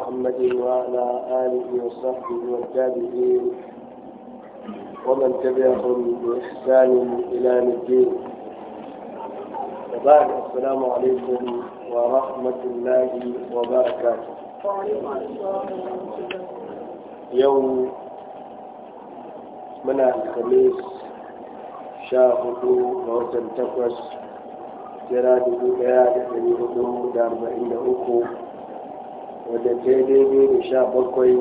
محمد وعلى آله وصحبه والتابعين ومن تبعهم بإحسان إلى الدين وبعد السلام عليكم ورحمة الله وبركاته يوم منع الخميس شاهد موتا تقوس جراد بياد من هدوء دار بين أخوه wadda ta yi daidai da sha bakwai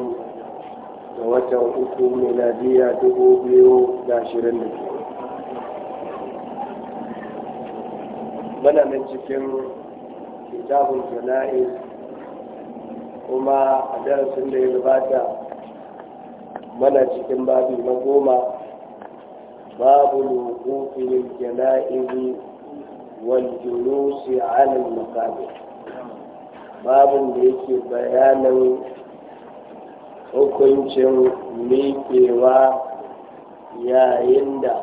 da wata uku miladiya dubu biyu da ashirin da biyu muna nan cikin kitabun jana'iz kuma a darasin da ya gabata mana cikin babi na goma babu lukufin jana'i wal julusi alal makabir babin da yake bayanin hukuncin miƙewa yayin da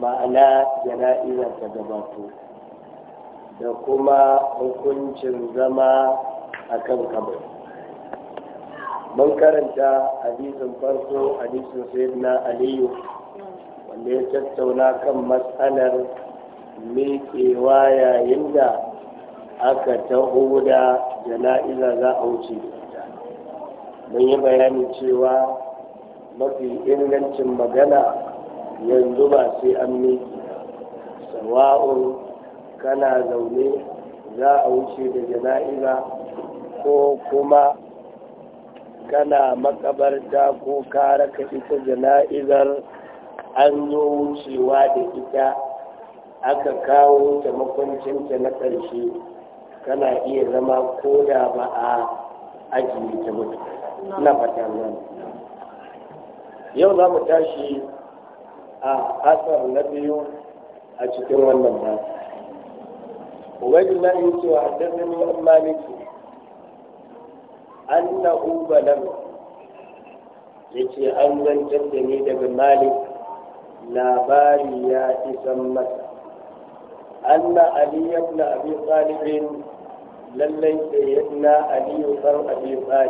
ma'ana jana'iza ta gabato da kuma hukuncin zama a kan kamar mun karanta hadisin farko hadisin na aliyu wanda ya tattauna kan matsalar miƙewa yayin da aka taho da jana'iza za a wuce mun yi bayani cewa mafi ingancin magana yanzu ba sai an sawa'un kana zaune za a wuce da jana'iza ko kuma kana makabarta ko kara ka ita jana'izar an yi wucewa da ita aka kawo ta makwancinta na ƙarshe tana iya zama ko da ba a ajiye ta mutu na fatan nan yau za mu tashi a asar na biyu a cikin wannan ba ubangiji yi cewa haddasa ne an maliki an na uba nan ya ce an zantar da ni daga malik labari ya isan masa na aliyar na abin طالب lallai sayyidina aliyu dan abi na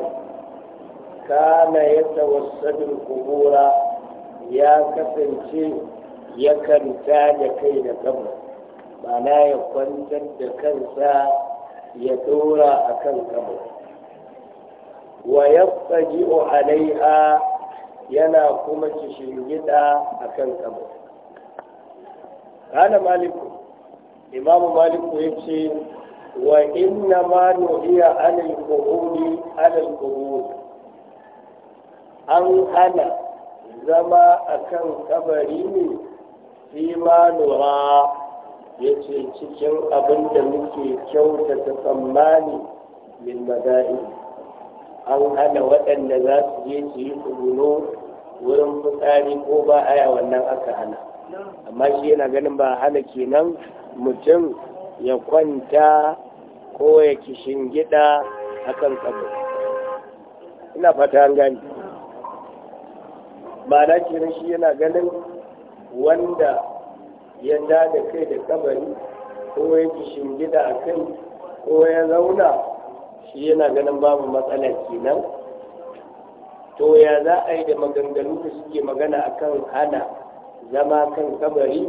kana yatawassadul qubura ya kasance yakan da kai da kabur ma'ana ya kwantar da kansa ya dora akan kabur wa alaiha yana kuma shingida akan kabur kana maliku imamu maliku ce. wa inna ma nuhiya alal quruni alal qurun an hana zama akan kabari ne fi ma nura yace cikin abinda da muke kyautata tsammani min mada'i an hana waɗanda za su je su yi tsugunu wurin fitsari ko ba aya wannan aka hana amma shi yana ganin ba hana kenan mutum ya kwanta ko kishin gida a kan ina fata an gani ba na kiran shi yana ganin wanda ya da kai da kabari ko kishin gida a ya zauna shi yana ganin babu matsala kenan to ya za a yi da maganganu da suke magana akan hana zama kan kabari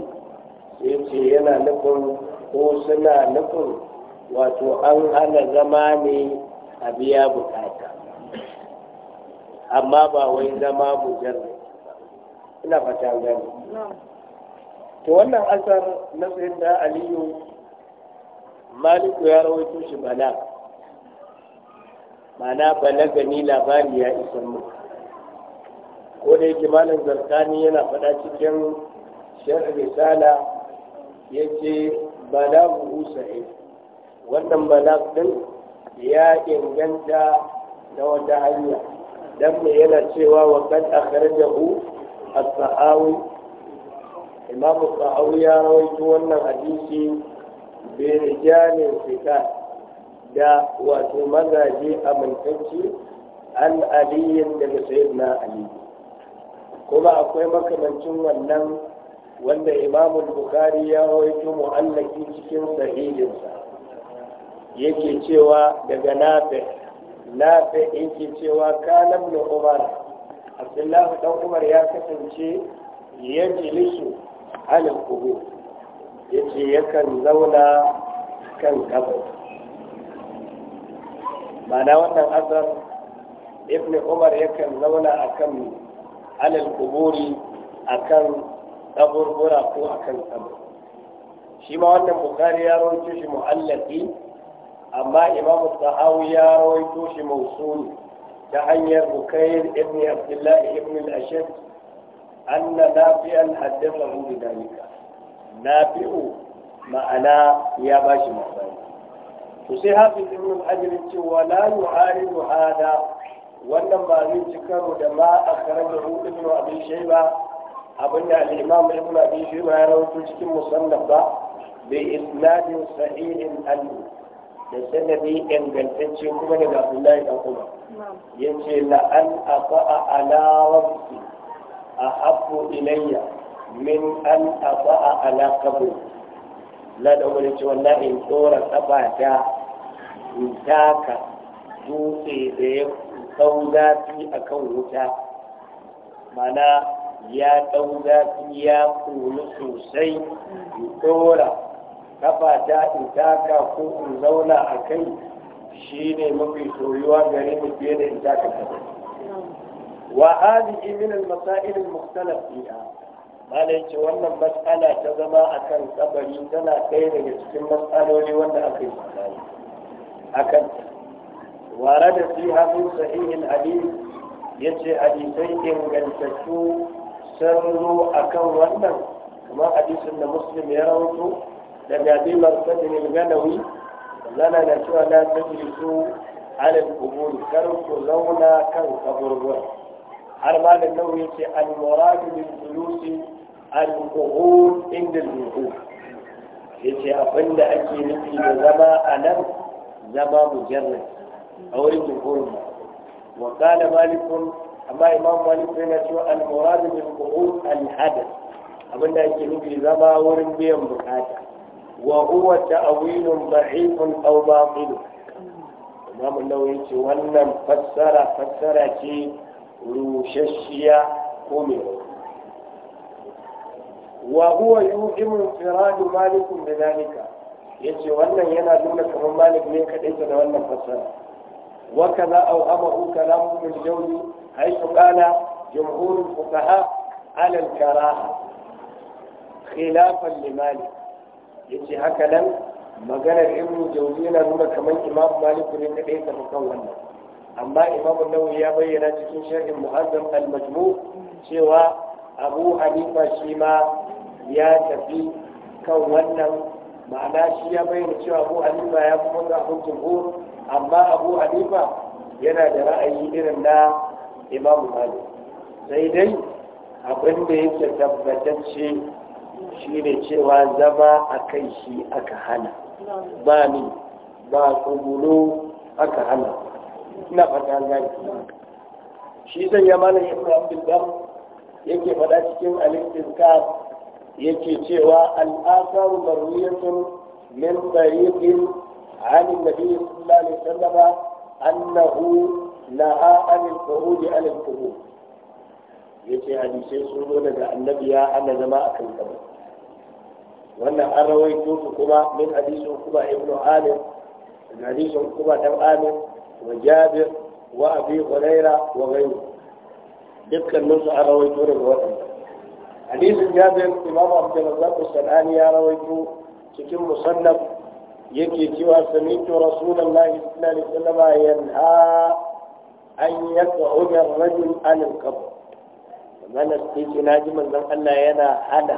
sai ce yana nufin ko suna nufin wato an hana zama ne a biya bukata amma ba wai zama mujarrabi ina fata gani to wannan asar na da aliyu maliku ya rawaito shi bala mana Bala gani labari ya isa mu ko da yake malam zarkani yana faɗa cikin sharh risala yace mu sahih wannan balak din ya inganta da wata hanya dan mai yana cewa wa kad akhrajahu as-sahawi imamu sahawi ya rawaito wannan hadisi bi rijalin fita da wato mazaje amintacci an aliyin daga sayyidina ali kuma akwai makamancin wannan wanda imamu bukhari ya rawaito mu'allaki cikin sahihinsa yake cewa daga Nafe nafe yake cewa kalam na umar abdullahi dan umar ya kasance ya jilisu alal kubu ya ce yakan zauna kan gaba. mana wannan azar, ibn umar yakan zauna akan alal kuburi akan kaburbura ko akan kabar shi ma wannan bukari ya rawaito shi mu'allafi amma imam tahawi ya rawaito shi mausul ta hanyar bukair ibn Abdullahi ibn al-ashad anna nafi'an haddathahu bi dalika nafi'u ma'ana ya bashi labari to sai hafiz ibn al-ajr cewa la yu'aridu hada wannan ba zai ci karo da ma a karar ibn abi shayba abinda al-imam ibn abi shayba ya rawaito cikin musannaf ba bi isnadin sahihin anhu da sanadi ingantacce kuma daga Abdullahi dan Umar yace la an aqa ala a Habu ilayya min an aqa ala qabri la da wani ce wallahi in tsora tsabata in taka dutse da ya dau zafi akan wuta mana ya dau zafi ya kulu sosai in tsora kafa ta in ko in zauna a kai shi ne mafi soyuwa gare mu fiye da in ta kafa wa hadhihi min al-masail al-mukhtalaf fiha malai ce wannan mas'ala ta zama akan kabari tana ɗaya daga cikin mas'aloli wanda aka yi tsakani akan ورد فيها في صحيح ya ce hadisai ingantattu sun zo akan wannan kamar hadisin da muslim ya rawato. daga abibar sadrin ganawi zana da cewa na tafi su alal kubur kar ku zauna kan kaburbur har ma da nauyi ce al-muradu bil julusi al-qu'ud inda al-wuquf yace abinda ake nufi da zama a nan zama mujarrad a wurin jumhurin ba wa qala malikun amma imam malik yana cewa al-muradu bil qu'ud al-hadath abinda ake nufi zama wurin biyan bukata وهو تأويل ضعيف أو باطل إمام النووي ونم فسر فسر كي روششيا أمر وهو يوهم انفراد مالك بذلك يجي ونم ينا دون كم مالك من كديت ونم فسر وكذا أو أمره كلامه من جوني حيث قال جمهور الفقهاء على الكراهة خلافا لمالك yace haka nan maganar ibnu jawzi yana nuna kamar imam malik ne da ɗaya tafi kan wannan amma imam nawawi ya bayyana cikin sharhin muhazzam al-majmu cewa abu hanifa shi ma ya tafi kan wannan ma'ana shi ya bayyana cewa abu hanifa ya fi wanda abin amma abu hanifa yana da ra'ayi irin na imam malik sai dai abin da yake tabbatacce shi ne cewa zama a kai shi aka hana ba ni ba tsugulo aka hana ina fata gani shi zai ya mana yin rafin dam yake fada cikin alifin ka yake cewa al'asar marwiyatun min tariqin عن النبي صلى الله عليه وسلم أنه نهى عن الخروج عن القبور ya ce hadisai sun zo daga annabi ya hana zama a kan gaba wannan an rawaito su kuma min hadisin kuma ibnu alim min hadisin kuma dan alim wa jabir wa abi hurayra wa ghayru nan su an rawaito daga wannan hadisin jabir imam abdurrazzaq as-sanani ya rawaito cikin musannaf yake cewa sami'tu rasulullahi sallallahu alaihi wasallam yanha an yaqa'u ar-rajul 'ala al-qabr malar sai ce na ji manzon Allah yana hada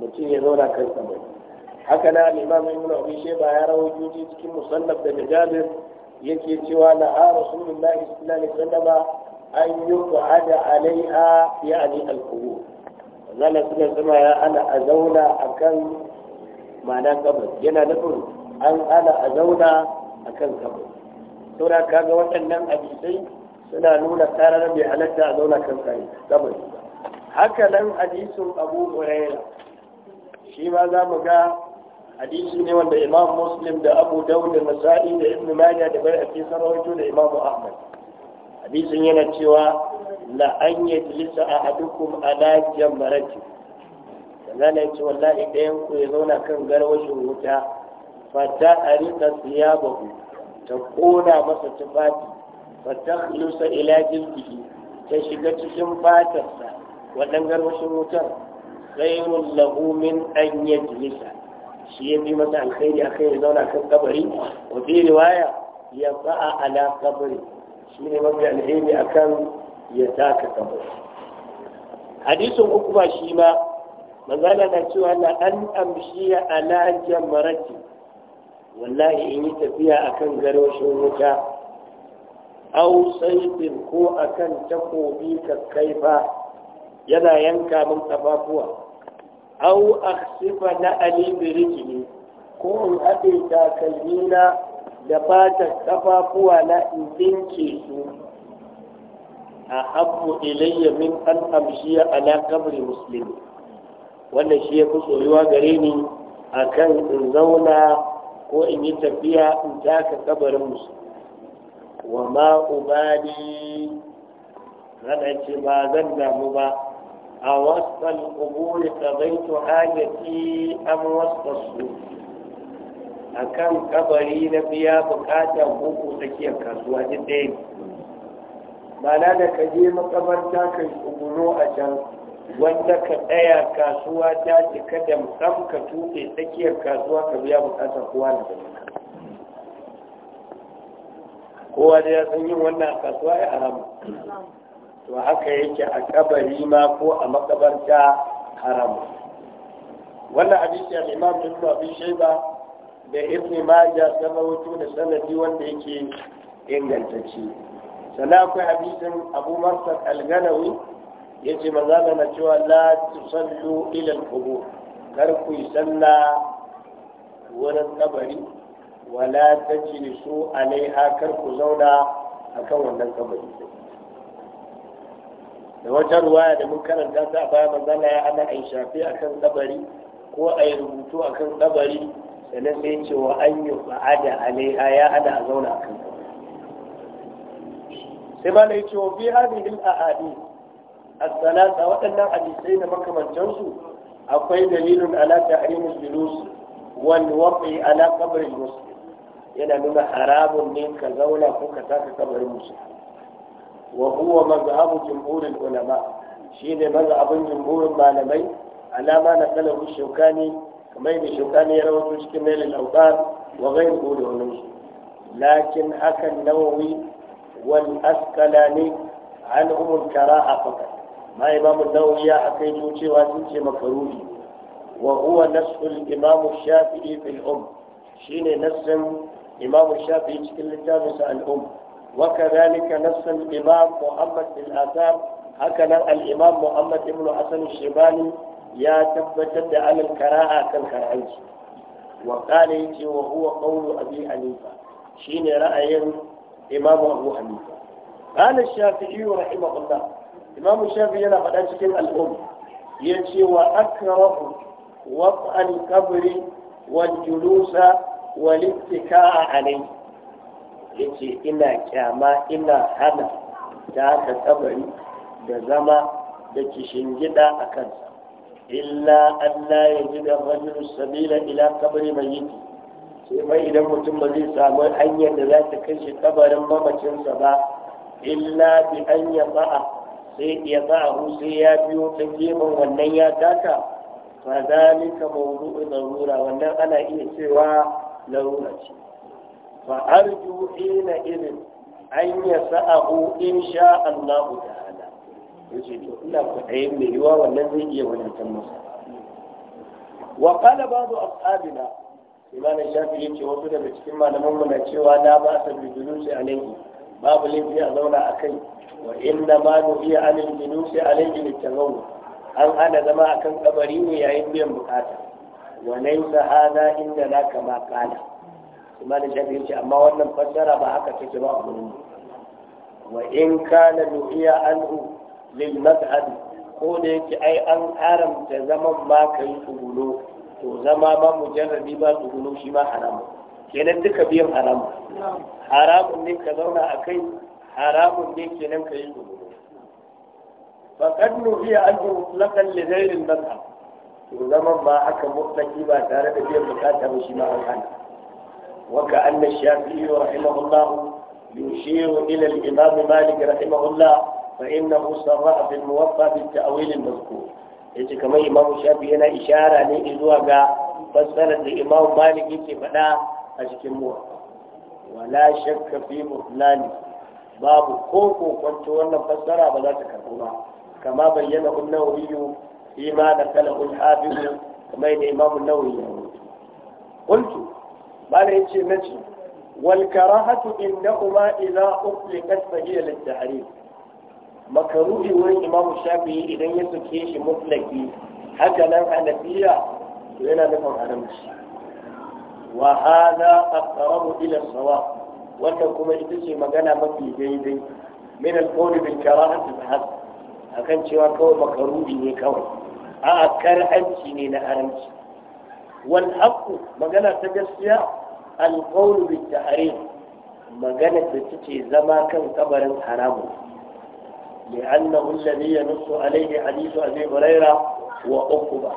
mutum ya zauna kan tsabai haka na Alimami imam ibn abi shayba ya juji cikin musannaf da jabir yake cewa na a rasulullah sallallahu alaihi wasallam an yuqada alaiha yani al-qubur zalla suna zama ya ana a zauna akan ma'ana kabari yana nufin an ana a zauna akan kabari saboda kaga waɗannan abisai suna nuna tsarar mai halatta a zauna kan kare saboda haka nan hadisin abu huraira shi ma za mu ga hadisi ne wanda imam muslim da abu dawud da nasa'i da ibn majah da bai ake sarauto da imam ahmad hadisin yana cewa la an yajlisa ahadukum ala jamrati sannan ya ce wallahi ɗayan ku ya zauna kan garwashin wuta fata a rika siya ta kona masa tufafi fatakhlusa ila jildihi ta shiga cikin fatarsa wadan garwashin wutar khairul lahu min an yajlisa shi ya fi masa alkhairi akai ya zauna kan kabari wa fi riwaya ya fa'a ala kabari shi ne mafi alheri akan ya taka kabari hadisin uku ba shi ba, magana na cewa na an amshiya ala jamarati wallahi in yi tafiya akan garwashin wuta au saifin ko akan takobi fa, yana yanka min kafafuwa au sifa na ali birijini ko in haɗe takalmina da fatar kafafuwa na in dinke su a habbu ilayya min an amshiya ala kabri muslimi wannan shi ya fi soyuwa gare ni akan in zauna ko in yi tafiya in taka kabarin musulmi wa ma ubali kada ce ba zan damu ba a wasan kuburi ta zaitu hajjati an wasan su a kan kabari na biya bukatar huku tsakiyar kasuwa duk ɗaya mana da ka je makabarta ka kubuno a can wanda ka tsaya kasuwa ta cika da musamman ka tuke tsakiyar kasuwa ka biya bukatar kowa da kowa da ya san yin wannan a kasuwa ya haram to haka yake a kabari ma ko a makabarta haram wannan hadisi al-imam bin abi shayba da ibn majah sama wato da sanadi wanda yake ingantacce sana akwai hadisin abu marsal al-ganawi ce manzo na cewa la tusallu ila al-qubur kar ku yi sallah wurin kabari wala ta su alaiha kar ku zauna a kan wannan kabari da wata ruwaya da mun karanta ta a baya manzana ya ana a shafi a kan kabari ko a yi rubutu a kan kabari sannan sai ce wa an yi fa'ada alaiha ya ana a zauna a kan kabari sai ba yi cewa ce wa fi a ahadi a salasa waɗannan hadisai da makamantansu akwai dalilin ala tahrimul julus wal waqi ala qabr al-muslim yana nuna haramun ne ka zauna ko ka taka kabarin musu wa huwa mazhabu jumhurul ulama shine mazhabun jumhurin malamai alama na salahu shukani kamar da shukani ya rawato cikin al-awqat wa ghayr da wani lakin hakan nawawi wal asqalani an umul karaha fakat ma imamu nawawi ya akai cewa sun ce makaruhi wa huwa nasul imamu shafi'i fil um shine nasin إمام الشافعي في الجامس الأم وكذلك نفس الإمام محمد في الآثار هكذا الإمام محمد بن حسن الشيباني يا تبتد على الكراهة كالكراهية وقال يجي وهو قول أبي حنيفة شين رأي إمام أبو حنيفة قال الشافعي رحمه الله إمام الشافعي أنا قد أشكل الأم يجي وأكره وطأ القبر والجلوس walittika alai yace ina kyama ina hana ta haka kabari da zama da kishin gida a kansa illa Allah ya ji da rajul sabila ila kabari mai yiti sai mai idan mutum ba zai samu hanyar da za ta kai shi kabarin mamacinsa ba illa bi an ya ba'a sai ya ba'a sai ya biyo ta gefen wannan ya taka fa zalika mawdu'u darura wannan ana iya cewa larura ce fa arju ina irin an ya sa'ahu in sha Allah ta'ala yace to ina kwaɗayin mai yiwa wannan zai iya wadatar masa wa qala ba'du ashabina imanin shafi ce wasu daga cikin malaman mu na cewa na ba sa a alaihi babu laifi a zauna a kai wa inna ma nuhiya a julusi alaihi litawawwu an ana zama akan kabari ne yayin biyan bukata وليس هذا عندنا كما قال ba الشافعي يقول أما وأنا فسر بهاك تجمع وإن كان نهي عنه للمذهب قول أي أن حرم زمن ما كي تقولوا to zama ba mujarrabi ba tsuguno shi ma haramun kenan duka biyan haramun haramun ne ka zauna a kai haramun ne kenan ka yi tsuguno faƙad nuhiya an yi mutlaƙan lidairin mazhab to zaman aka haka mutlaki ba tare da biyan bukata ba shi ma an hana waka anna shafi'i rahimahullah yushiru ila al-imam malik rahimahullah fa innahu sarra'a bil muwatta bil ta'wil al-mazkur yace kamar imam shafi'i yana ishara ne zuwa ga fassarar da imam malik yake faɗa a cikin muwatta wala shakka fi mutlani babu ko kokonto wannan fassara ba za ta karbu ba kama bayyana unnawiyu فيما نقله الحافظ كما الإمام النووي قلت ما نجي نجي والكراهة إنهما إذا أطلقت فهي للتحريم مكروه وين إمام الشافعي إذا يسكيش مطلقي حتى لو حنفية لنا نفهم حرمش وهذا أقرب إلى الصواب وأنكم إتشي مجانا مفي جيدي من القول بالكراهة فحسب akan cewa kawai makaruhi ne kawai a karanci ne na haramci wal haqu magana ta gaskiya al qawl bil tahrim magana da tace zama kan kabarin haramu li anna alladhi yanussu alayhi hadithu abi huraira wa ukba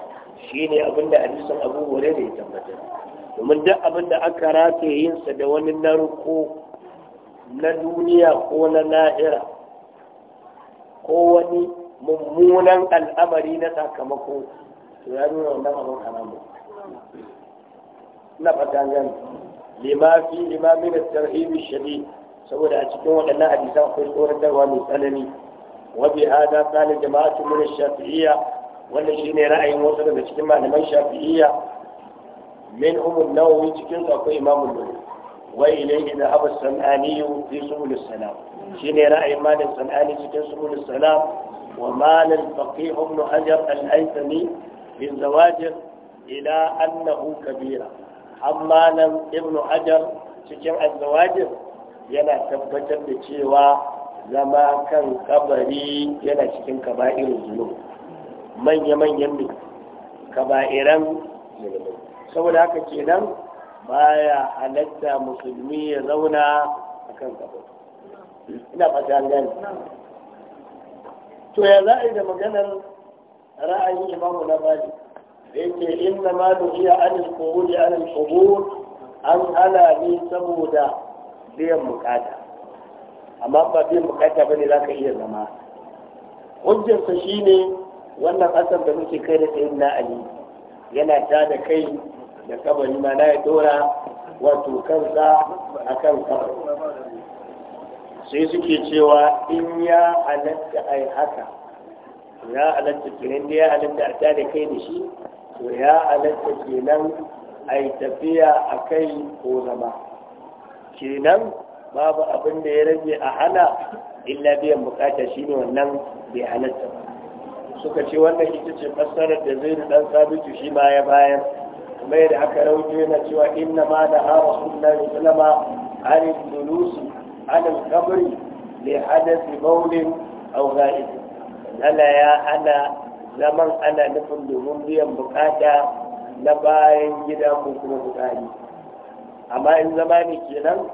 shine abinda hadisi abu huraira ya tabbatar domin duk abinda aka rata yin sa da wani naruko na duniya ko na na'ira ko wani mummunan al'amari na sakamako to ya nuna wannan abin haramun na fata gani limafi limamin tarhibi shadi saboda a cikin waɗannan hadisan akwai tsoratarwa mai tsanani wa bi hada kana jama'atu min shafi'iyya wanda shine ra'ayin wasu daga cikin malaman shafi'iyya min umar nawawi cikin su akwai imamu nawawi wa ilayhi da abu sanani fi subul salam shine ra'ayin malam sanani cikin subul salam ومال الفقيه ابن حجر الهيثمي للزواجر إلى Kabira, كبيرة أما ابن حجر cikin azawajin yana tabbatar da cewa zama kan kabari yana cikin kaba'irin zulum manya-manyan ne kaba'iran saboda haka kenan baya halarta musulmi ya zauna a kan kabari ina fata gani to ya za a yi da maganar ra'ayin imamu na bali da yake inna ma nuhiya anil qubuli anil qubur an hana ne saboda biyan bukata amma ba biyan bukata za ka iya zama Ƙungiyarsa shi ne wannan asar da muke kai da tsayin na yana ta da kai da kabari ma na ya dora wato kansa a kan kabari sai suke cewa in ya halatta ai haka ya halatta kenan da ya halatta a tare kai da shi to ya halatta kenan ai tafiya a kai ko zama kenan babu abin da ya rage a hana illa biyan bukata ne wannan bai halatta ba suka ce wannan ita ce fassarar da zai dan sabitu shi baya-bayan. Mai da aka rauke na cewa inna ma da ha rasulullahi sallama an dulusi على الخمر لحدث بول أو غائب ألا يا أنا zaman ana nufin domin biyan bukata na bayan gida ko kuma bukari amma in zamani kenan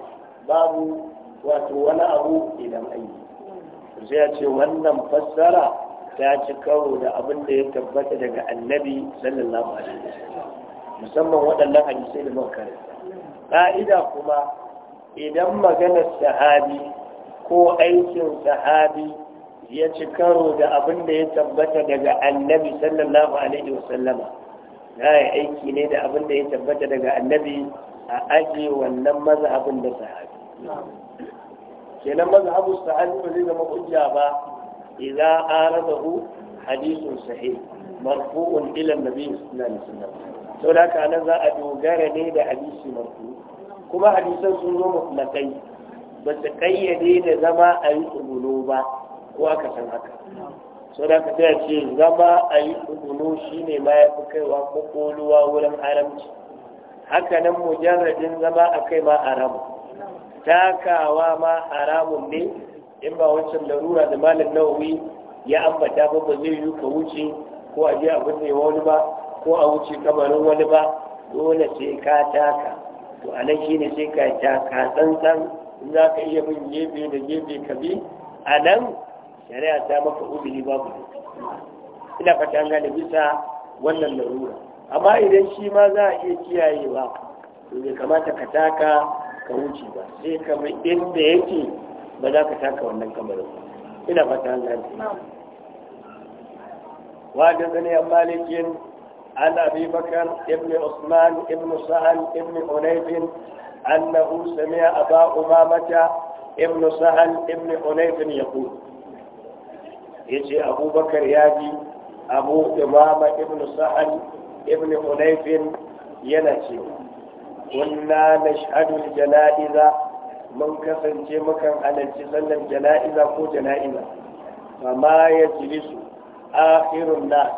babu wato wani abu idan an yi ce wannan fassara ta ci karo da abin da ya tabbata daga annabi sallallahu alaihi wasallam musamman waɗannan hadisai da muka karanta ka'ida kuma idan maganar sahabi ko aikin sahabi ya ci karo da abin da ya tabbata daga annabi sallallahu alaihi wasallama na ya aiki ne da abin da ya tabbata daga annabi a ajiye wannan mazhabin da sahabi kenan mazhabu sahabi ba zai zama hujja ba idza aradahu hadithun sahih marfu'un ila nabi sallallahu alaihi wasallam saboda haka nan za a dogara ne da hadisi marfu' kuma hadisan sun zo mutlakai ba su kayyade da zama a yi tsugulo ba ko aka san haka sau da ka ce zama a yi tsugulo shi ne ma ya fi kaiwa kokoluwa wurin haramci Hakanan nan mujarradin zama a kai ma haramu takawa ma haramun ne in ba wancan larura da malam nawawi ya ambata ba ba zai yi ka wuce ko a je a binne wani ba ko a wuce kamarin wani ba dole sai ka taka to a nan ne sai ka taka tsantsan in za ka iya bin gefe da gefe ka bi a nan shari'a ta maka uzuri babu ina fata da bisa wannan larura amma idan shi ma za a iya kiyayewa to bai kamata ka taka ka wuce ba sai ka mai inda yake ba za ka taka wannan kamarin ina fata an gane wa da zane yan malikin عن أبي بكر ابن عثمان ابن سهل ابن حنيف أنه سمع أبا أمامة ابن سهل ابن حنيف يقول يجي أبو بكر ياجي أبو أمامة ابن سهل ابن حنيف ينتي كنا نشهد الجنائز من كسن جمكا على الجسل الجنائز كو جنائز فما يجلس آخر الناس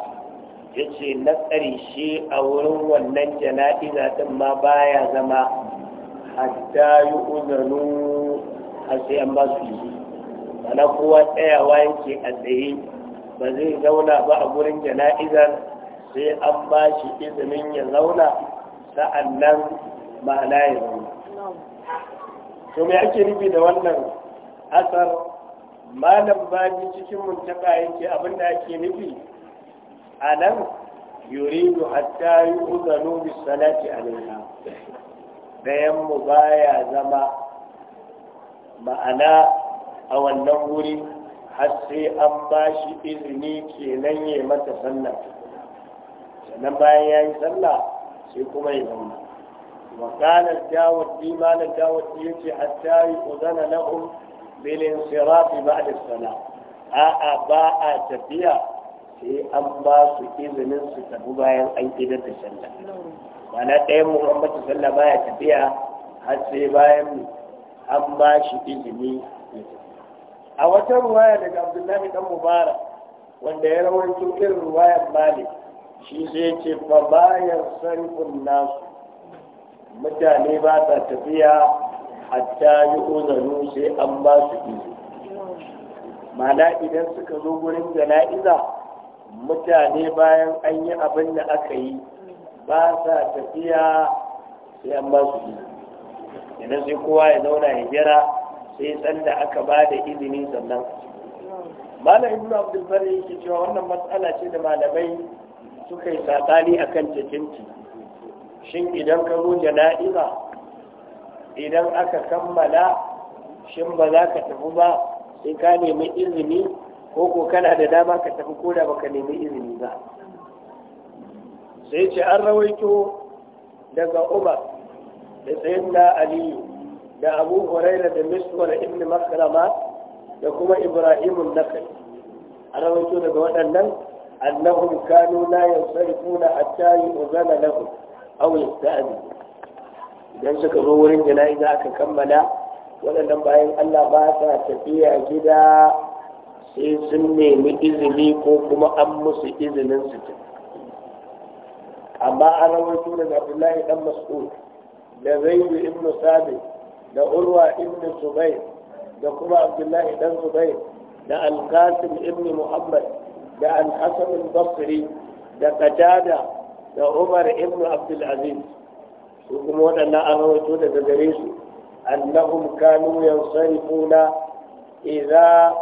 ya ce na ƙarshe a wurin wannan jana'iza ɗin ma baya zama hatta yi uzanu a sai an ba su yi kowa tsayawa yake a tsaye ba zai zauna ba a gurin jana'izar sai an ba shi izinin ya zauna sa'an nan ma'ana ya zauna to me ake nufi da wannan asar malam baji cikin muntaka yake abinda ake nufi a nan yuridu hatta yu'zanu bis bi salati alaina Bayan mu baya zama ma'ana a wannan wuri har sai an ba shi izini kenan ya mata sallah sannan bayan ya yi sallah sai kuma ya bi وقال الداودي yace hatta yu'zana lahum bil insirafi ba'da بعد a a'a ba a tafiya sai an ba su izinin su tafi bayan an idar da sallah mana ɗaya muhammadu sallah baya tafiya har sai bayan an ba shi izini a wata ruwaya daga abdullahi dan mubarak wanda ya rawancin irin ruwayar malik shi sai ce fa bayan sarifin nasu mutane ba sa tafiya hatta yi uzanu sai an ba su izini mana idan suka zo gurin jana'iza mutane bayan an yi abin da aka yi ba sa tafiya sai an ba su idan sai kowa ya zauna ya jira sai sanda aka ba da izini sannan Malamin ibnu abdul yake cewa wannan matsala ce da malamai suka yi a akan cikinci shin idan ka zo jana'iza idan aka kammala shin ba za ka tafi ba sai ka nemi izini ko ko kana da dama ka tafi ko da baka nemi izini ba sai ce an rawaito daga umar da sayyidina aliyu da abu huraira da miswar ibn makarama da kuma ibrahimun nakari An rawaito daga waɗannan annahum kanu la na hatta yu'zana lahum aw yasta'zin idan suka zo wurin jana'iza aka kammala waɗannan bayan Allah ba sa tafiya gida sai sun nemi izini ko kuma an musu izinin su ci amma an rawaito da abdullahi dan mas'ud da zaidu ibnu sabi da urwa ibnu zubair da kuma abdullahi dan zubair da alkasim ibnu muhammad da alhassan al-basri da qatada da umar ibnu abdul aziz su kuma waɗannan an rawaito daga gare su annahum kanu yansarifuna idza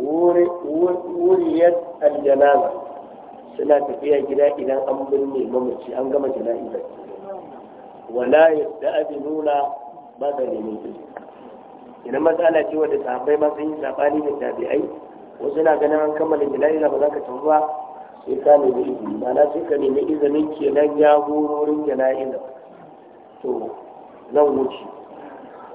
wuriyar aljanaza suna tafiya gida idan an binne mamaci an gama jana'iza wala yadda abi nuna ba da neman idan matsala ce wadda tafai ma sun yi sabani da tabi'ai wasu na ganin an kammala jana'iza ba za ka tafi ba sai ka nemi izini ba na sai ka nemi izinin kenan jagororin jana'iza to zan wuce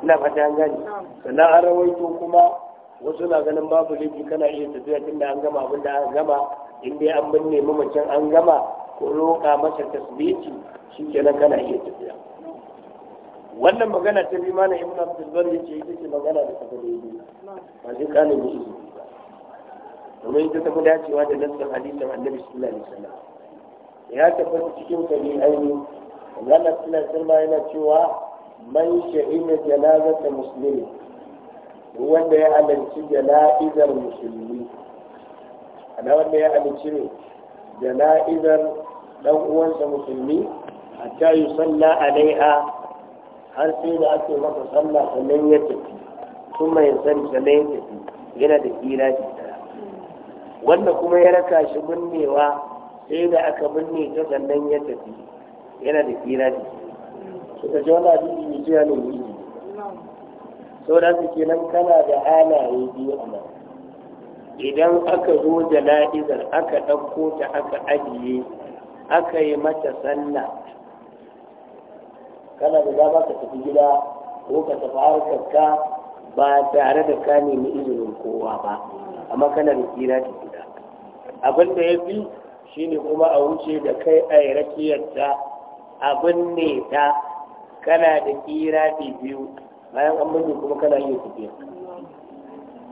ina fata an gani sannan an rawaito kuma wasu na ganin babu laifi kana iya tafiya tunda an gama abin da an gama in dai an binne mamacin an gama ko roƙa masa tasbiti shi kenan kana iya tafiya wannan magana ta bi mana ibn abdul bar yace ita ce magana da tafi daidai ba shi kana mu shi domin ita fi dacewa da nassin hadisin annabi sallallahu alaihi wasallam ya tabbata cikin sahihaini ainihi Allah sallallahu alaihi wasallam yana cewa man shahida janazata muslimin wanda ya alanci jana'izar musulmi ana wanda ya alanci ne jana'izar dan uwansa musulmi hatta yi salla alaiha har sai da ake masa sallah sannan ya tafi sun mai sani sannan ya tafi yana da kira wanda kuma ya raka shi binnewa sai da aka binne ta sannan ya tafi yana da kira suka ce wani abin da ya ne saboda su nan kana da halaye biyu a nan idan aka zo jana'izar aka ɗauko ta aka ajiye aka yi mata sallah kana da dama ka tafi gida ko ka tafi harkarka ba tare da ka nemi izinin kowa ba amma kana da tsira ta gida abin da ya fi shine kuma a wuce da kai a yi rakiyarta abin ne ta kana da tsira biyu bayan an binne kuma kana iya tafiya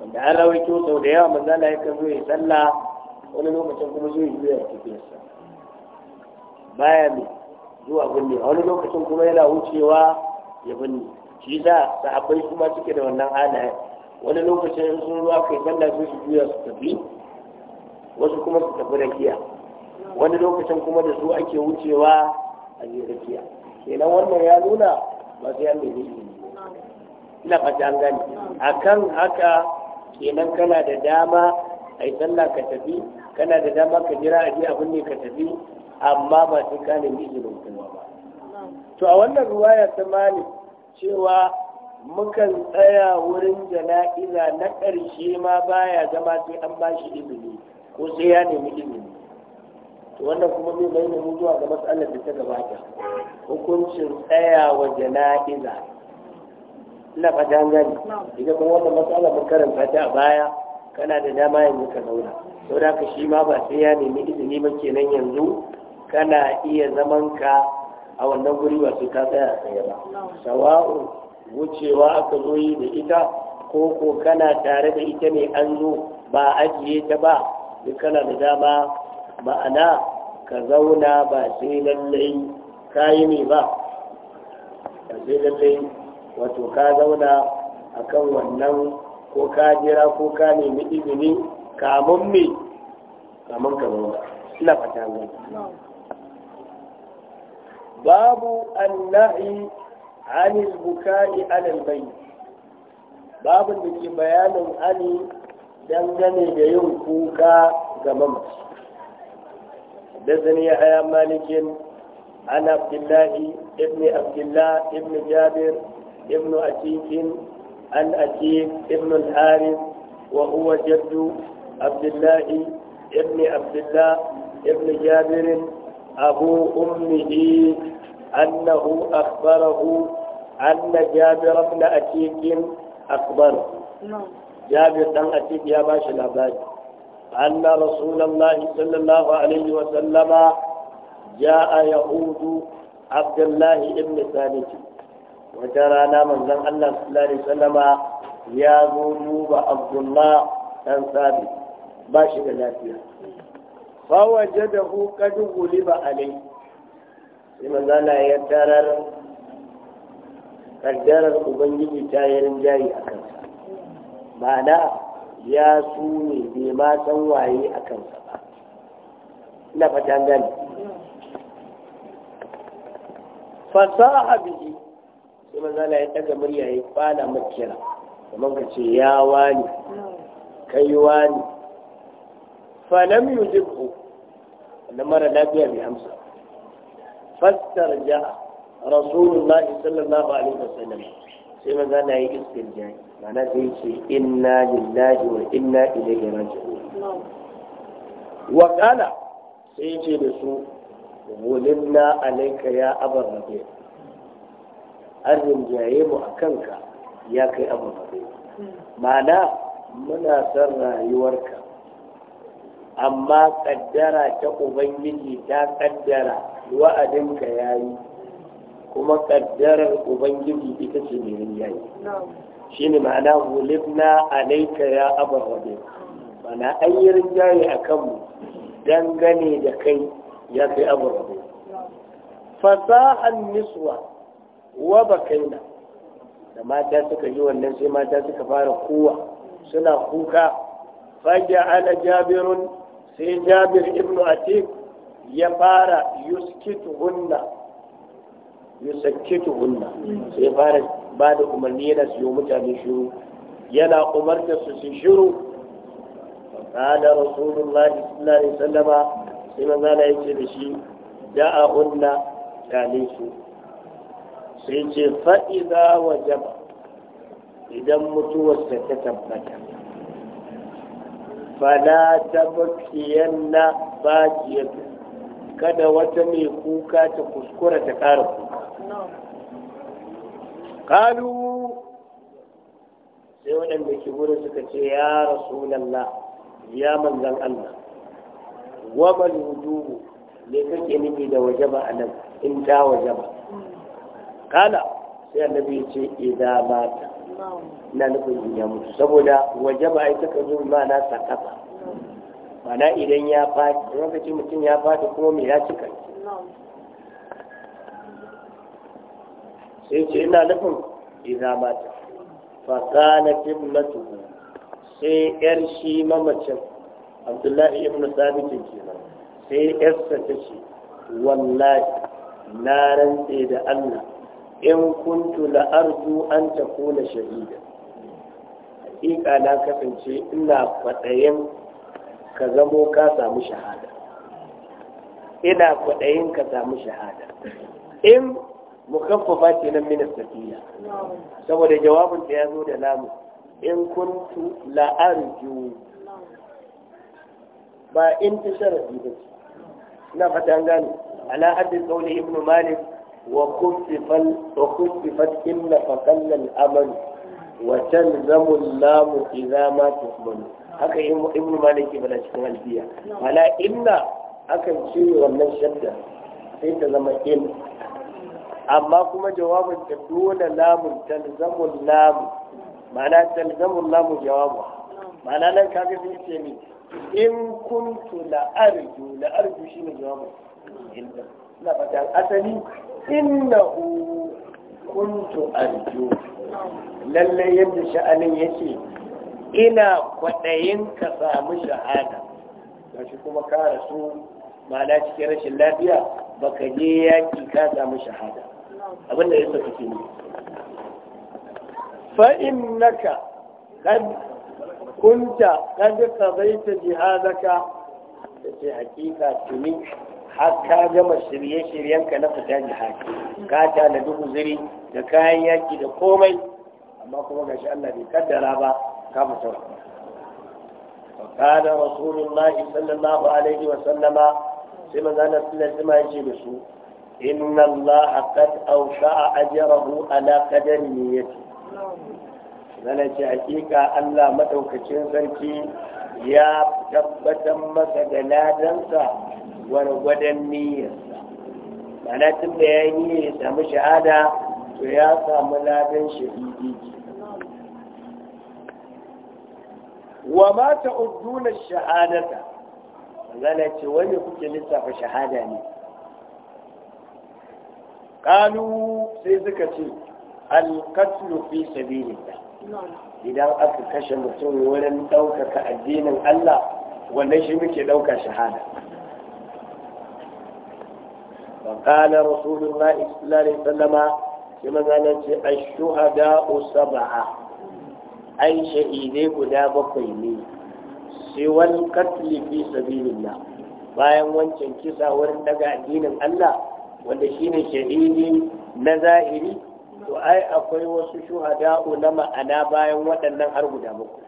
wanda an rawaito sau da yawa manzo Allah yakan zo ya sallah wani lokacin kuma zai yi ya tafiya baya mai zuwa binne wani lokacin kuma yana wucewa ya binne shi yasa sahabbai kuma suke da wannan halaye wani lokacin in sun ruwa kai sallah su su juya su tafi wasu kuma su tafi rakiya wani lokacin kuma da su ake wucewa a je rakiya kenan wannan ya nuna ba sai an ne na fata akan haka kenan kana da dama a yi sallah ka tafi kana da dama ka jira a ji abin ne ka tafi amma ba sai ka nemi izinin kuma ba to a wannan ruwaya ta mali cewa mukan tsaya wurin jana'iza na ƙarshe ma baya zama sai an ba shi izini ko sai ya nemi izini to wannan kuma zai bayyana mu zuwa ga matsalar da ta gabata hukuncin tsaya wa jana'iza ina fata an gani idan kuma wannan matsala mun karanta ta a baya kana da dama yanzu ka zauna sau da shi ma ba sai ya nemi izini ba kenan yanzu kana iya zaman ka a wannan guri ba sai ka tsaya tsaye ba sawa'u wucewa aka zo yi da ita ko ko kana tare da ita ne an zo ba ajiye ta ba duk kana da dama ma'ana ka zauna ba sai lallai kayi ne ba ba wato ka zauna a kan wannan ko ka jira ko ka nemi izini kamun me kamun fata babu annahi anil buka'i alal bai, babu da ke bayanin ani dangane da yin kuka ga mamaci da zane ya haya malikin ana Abdullahi, ibn Abdullahi, ibn jabir ابن أتيك عن أتيك ابن الحارث وهو جد عبد الله ابن عبد الله ابن جابر أبو أمه أنه أخبره أن جابر بن أتيك أخبره جابر بن أتيك يا باشا العباد أن رسول الله صلى الله عليه وسلم جاء يهود عبد الله بن ثابت wata rana manzon Allah sallallahu alaihi wasallama ya zo duba Abdullah dan Sabi ba shi da lafiya fa wajadahu qad ghuliba alai sai manzon ya tarar kaddarar ubangiji ta yi rinjayi a kansa ma'ana ya sune bai ma san waye a kansa ba ina fata gani fasaha bihi sai manzo Allah ya daga murya ya fada mata kira kamar ka ce ya wani kai wani falam yujibu na mara lafiya bai amsa fastar ja rasulullahi sallallahu alaihi wasallam sai manzo Allah ya yi istirja mana sai ce inna lillahi wa inna ilaihi raji'un wa qala sai ya ce da su ولمنا عليك يا أبا الربيع an rinjaye mu a kanka ya kai abu faɗo ma'ana muna son rayuwarka amma ƙaddara ta ubangiji ta ƙaddara wa'adinka ya yi kuma ƙaddarar ubangiji ita ce mai rinjaye shi ne ma'ana hulibna alaika ya abu faɗo ma'ana an yi rinjaye a kanmu dangane da kai ya kai abu faɗo fasahan niswa wa bakaina da mata suka yi wannan sai mata suka fara kowa suna kuka faja ala jabirun sai jabir ibnu atik ya fara yuskitu hunna yusakitu hunna sai fara ba da umarni yana siyo mutane shiru yana umarta su su shiru kada rasulullah sallallahu alaihi wasallama sai manzala yake da shi da'a hunna ta su sai ce fa'iza wajaba idan mutuwarsa ta tabbata fala ta na bakiyatu kada wata mai kuka ta kuskura ta ƙara kuka kalu sai waɗanda ke wuri suka ce ya rasulallah ya manzan Allah wa mal ne kake nufi da a nan? in ta ba. kala sai annabi ya ce idan mata na nufin ya mutu saboda waje ba a yi taka zo ma na sakata mana idan ya faɗi lokacin mutum ya fadi kuma mai ya cika sai ce ina nufin idan mata fakana tuku sai yar shi mamacin abdullahi ibn sabitin kenan sai yarsa ta ce wallahi na rantse da allah in kuntu la'arju an ta kona shahida hakika na kasance ina kwaɗayin ka zamo ka samu shahada ina kwaɗayin ka samu shahada in mukaffafa ce nan minas tafiya saboda jawabin da ya zo da namu in kuntu la'arju ba in ta sharafi ba ce ina fata an gane ala haddin kauli ibnu malik وخففت إن فقل الأمل وتلزم اللام إذا ما تقبل haka ibn malik ke bala cikin alfiya ala inna akan cire wannan shadda sai ta zama in amma kuma jawabin ta dole lamun talzamul lamu ma'ana talzamul lamu jawabu ma'ana nan kaga sai ce ni in kuntu la arju la arju shine jawabu asali innahu kuntu arju lallai yadda sha'anin yake ina kwaɗayin ka samu shahada ga shi kuma ka rasu ma'ana cikin rashin lafiya baka je yaƙi ka samu shahada abinda ya saka kake ne fa'in naka kunta kan ka zai ta ce hakika tuni har ka gama shirye-shiryenka na fita jihadi ka ta da duk uzuri da kayan yaki da komai amma kuma ga shi Allah bai kaddara ba ka fita wa kada rasulullahi sallallahu alaihi wa sallama sai manzo Allah sallallahu alaihi wa sallama su inna Allah qad awsha'a ajrahu ala qadari niyyati lana ce hakika Allah madaukakin sarki ya tabbatar masa da ladansa gwargwadon niyyarsa mana tun da ya yi ya samu shahada to ya samu ladan shahidi wa ma ta uduna shahadata zana ce wani kuke lissafa shahada ne kalu sai suka ce alkatlu fi sabilillah idan aka kashe mutum wurin ɗaukaka addinin Allah wannan shi muke ɗauka shahada فقال رسول الله صلى الله عليه وسلم كما قالت الشهداء سبعة أي guda bakwai بقيني سوى القتل في سبيل الله bayan wancan kisa wurin daga addinin Allah wanda shine shahidi na zahiri to ai akwai wasu shuhada'u na ma'ana bayan waɗannan har guda muku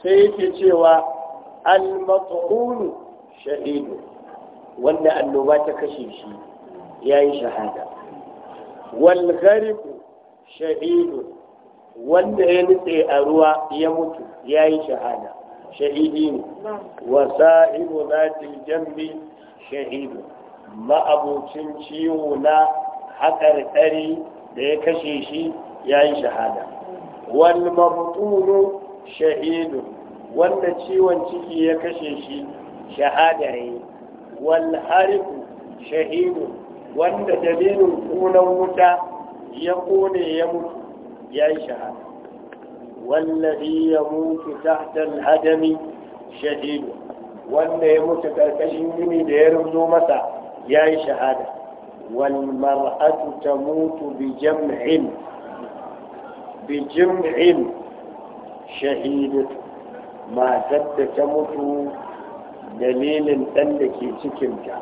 sai yake cewa al-mat'un shahidu wanda annoba ta kashe shi yayi shahada wal shahidu wanda ya nutse a ruwa ya mutu yayi shahada shahidi ne wa sa'ibu zatil shahidu ma'abucin ciwo na haƙarƙari da ya kashe shi yayi shahada wal mabtunu shahidu wannan ciwon ciki ya kashe shi shahada ne wal hariku shahidu wanda dalilin kunan wuta ya kone ya mutu ya yi shahada wallazi ya mutu tahta al-hadami shahidu wanda ya mutu karkashin gini da ya rubuto masa ya yi shahada wal mar'atu tamutu bi jam'in bi jam'in shahidatu matar da ta mutu dalilin ɗan da ke cikinta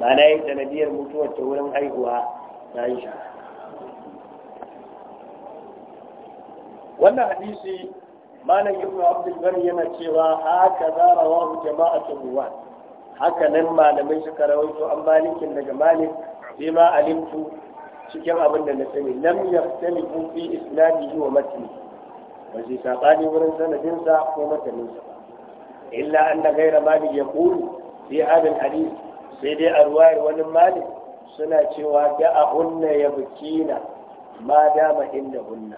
ba na yi sanadiyar mutuwar ta wurin haihuwa ta yi wannan hadisi malam ibn abdul bari yana cewa haka za jama'a ta buwa haka nan malamai suka rawaito an malikin daga malik sai ma alimtu cikin abin da na sani lam yaftalifu fi isnadihi wa matnihi ba shi saɓani wurin sanadinsa ko mataninsa illa an da gaira malik ya kuru fi abin hadis sai dai a ruwayar wani malik suna cewa da a hunna ya bukina ma dama inda hunna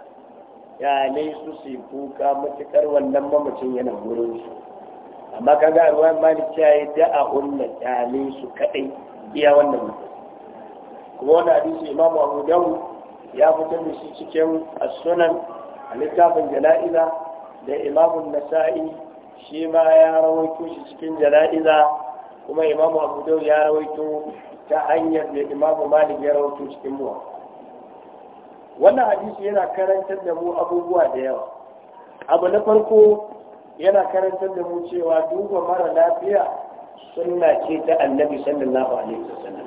ya ne su su kuka matukar wannan mamacin yana wurin su amma ka ga ruwayar malik cewa ya da a hunna ya ne su kaɗai iya wannan mutum kuma wani hadisi imamu abu dawu ya fitar da shi cikin asunan. sunan littafin jala'iza da imamun nasa'i shi ma ya rawaito shi cikin jala'iza kuma imamu abu daud ya rawaito ta hanyar da imamu malik ya rawaito cikin muwa wannan hadisi yana karantar da mu abubuwa da yawa abu na farko yana karantar da mu cewa duba mara lafiya sunna ce ta annabi sallallahu alaihi wasallam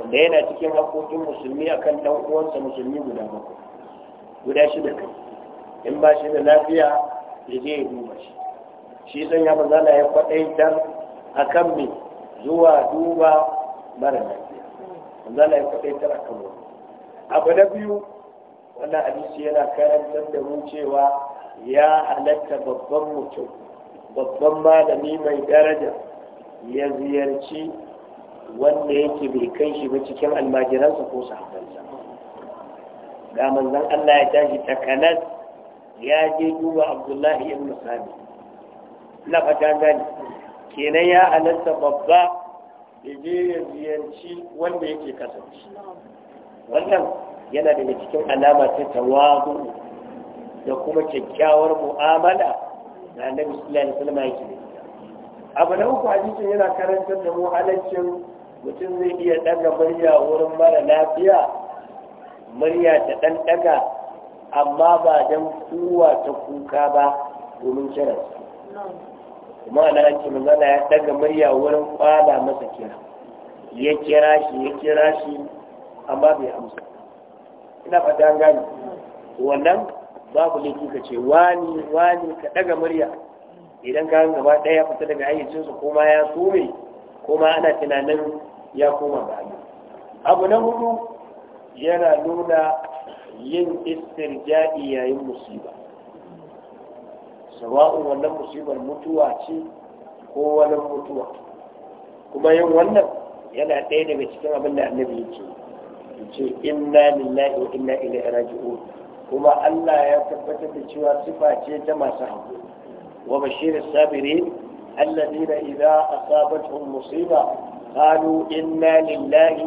wanda yana cikin haƙoƙin musulmi akan ɗan uwansa musulmi guda bakwai guda shida kai in ba shi da lafiya ya je ya duba shi shi san ya manzala ya kwadaitar a kan me zuwa duba mara lafiya manzala ya kwadaitar a kan wani abu na biyu wannan hadisi yana karantar da mu cewa ya halatta babban mutum babban malami mai daraja ya ziyarci wanda yake bai kai shi ba cikin almajiransa ko sahabbansa ga manzon Allah ya tashi takanas ya je duba abdullahi ibn sami na fata gani kenan ya halatta babba da je ziyarci wanda yake kasance wannan yana daga cikin alama ta tawazu da kuma kyakkyawar mu'amala da annabi sallallahu alaihi wasallam yake abu na uku hadisin yana karantar da mu mutum zai iya daga murya wurin mara lafiya murya ta dan daga amma ba don kuwa ta kuka ba domin kiran kuma ana ake magana ya daga murya wurin kwala masa kira ya kira shi ya kira shi amma bai amsa ina fata gani wannan babu ne ka ce wani wani ka daga murya idan ka gaba ɗaya fita daga su kuma ya tsume kuma ana tunanin ya koma ba abu na hudu yana nuna yin istirja'i yayin musiba sawa'un wannan musibar mutuwa ce ko wannan mutuwa kuma yin wannan yana ɗaya daga cikin abin da annabi yake ce inna lillahi wa inna ilaihi raji'un kuma Allah ya tabbatar da cewa sifa ce ta masu hakuri wa bashirin sabirin alladhina idza asabatuhum musiba qalu inna lillahi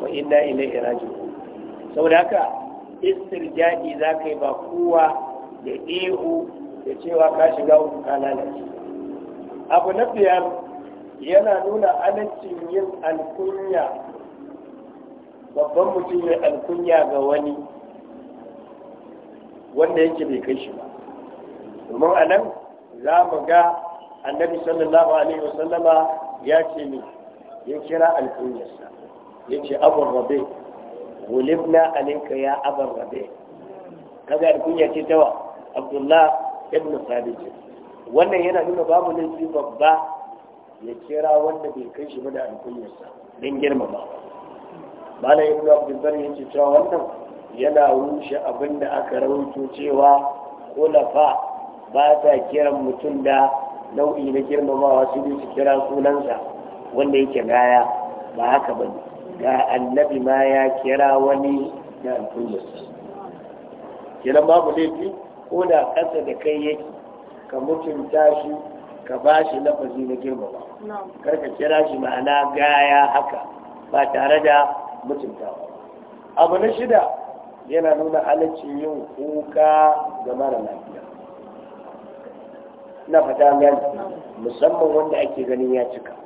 wa inna ilaihi raji'un saboda haka istirja'i za ka yi ba kowa da ihu da cewa ka shiga uku ka abu na biyar yana nuna anancin yin alkunya babban mutum yin alkunya ga wani wanda yake bai kai shi ba domin a nan za mu ga annabi sallallahu alaihi wasallama ya ce ne ya kira alkunyarsa ya ce abun rabe gulibna alinka ya abar rabe kaga kunya ce tawa abdullah ibn sabit wannan yana nuna babu laifi babba ya kira wanda bai kai shi ba da alkunyarsa don girmama mana ibn abdullah ya ce cewa wannan yana rushe abin da aka rauto cewa kulafa ba ta kiran mutum da nau'i na girmamawa su bi su kira sunansa wanda yake gaya ba haka ba ne ga annabi ma ya kira wani da al'ummarsa kenan babu laifi ko da kasa da kai yake ka mutunta shi ka ba shi lafazi na girma girmama karka kira shi ma'ana gaya haka ba tare da mutunta ba abu na shida yana nuna halaccin yin kuka ga mara lafiya na fata musamman wanda ake ganin ya cika